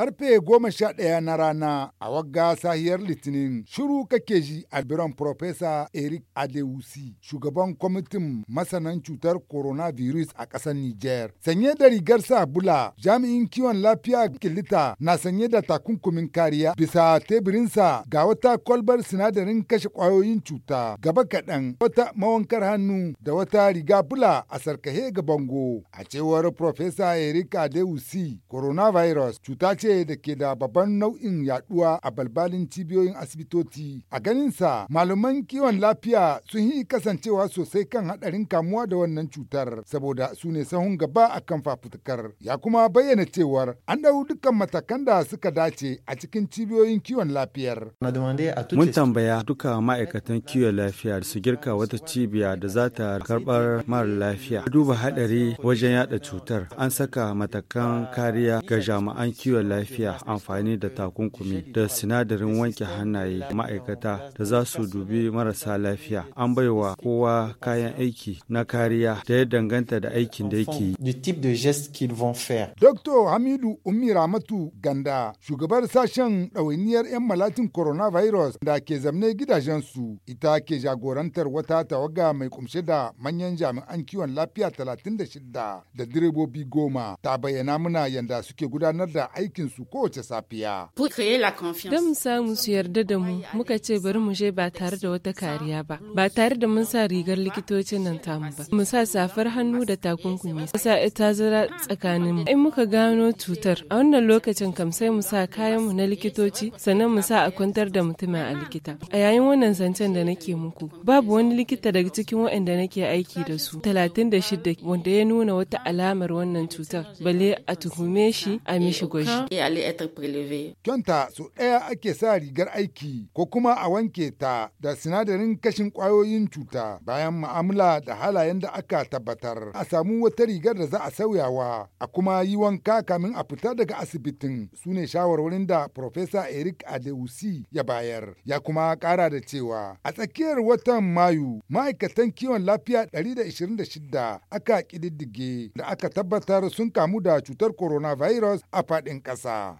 Karfe goma sha ɗaya na rana a wagga sahiyar Litinin shiru kake ji a biran Profesa Eric Adewusi, shugaban kwamitin masanan cutar coronavirus a ƙasar Nijar. Sanye da rigar sabula jami'in kiwon lafiya kilita na sanye da takunkumin kariya bisa teburinsa ga wata kwalbar sinadarin kashe ƙwayoyin cuta gaba kaɗan wata mawankar hannu da wata riga bula a sarkahe ga bango. A cewar Profesa Eric Adewusi, coronavirus cuta ce ce da ke da babban nau'in yaduwa a balbalin cibiyoyin asibitoci. A ganinsa, malaman kiwon lafiya sun yi kasancewa sosai kan haɗarin kamuwa da wannan cutar saboda su ne sahun gaba a kan fafutukar. Ya kuma bayyana cewar an ɗau dukkan matakan da suka dace a cikin cibiyoyin kiwon lafiyar. Mun tambaya duka ma'aikatan kiwon lafiya su girka wata cibiya da za ta karɓar mara lafiya. Duba haɗari wajen yada cutar an saka matakan kariya ga jami'an kiwon lafiya. lafiya amfani da takunkumi da sinadarin wanke hannaye ma'aikata da za su dubi marasa lafiya an baiwa kowa kayan aiki na kariya da ya danganta da aikin da yake yi. Dr. Hamidu umi Ramatu Ganda, shugabar sashen ɗawainiyar 'yan malatin coronavirus da ke zamne gidajensu, ita ke jagorantar wata tawaga mai kumshe da manyan jami'an kiwon lafiya 36 da direbobi goma ta bayyana muna yadda suke gudanar da aikin aikinsu kowace safiya. Don mu samu su yarda da mu muka ce bari mu je ba tare da wata kariya ba, ba tare da mun sa rigar likitocin nan tamu ba. Mu sa safar hannu da takunkumi, mu sa zara tsakanin mu. In muka gano cutar, a wannan lokacin kam sai mu sa kayan mu na likitoci sannan mu sa a kwantar da mutumin a likita. A yayin wannan zancen da nake muku, babu wani likita daga cikin waɗanda nake aiki da su, talatin da shida wanda ya nuna wata alamar wannan cutar, bale a tuhume shi a mishi gwaji. ta Kyonta su ɗaya ake sa rigar aiki ko kuma a wanke ta da sinadarin kashin ƙwayoyin cuta bayan ma'amala da halayen da aka tabbatar. A samu wata rigar da za a sauyawa a kuma yi wanka kamin a fita daga asibitin su ne shawarwarin da Profesa Eric Adeusi ya bayar. Ya kuma ƙara da cewa a tsakiyar watan Mayu ma'aikatan kiwon lafiya 126 aka ƙididdige da aka tabbatar sun kamu da cutar coronavirus a faɗin ƙasa. さん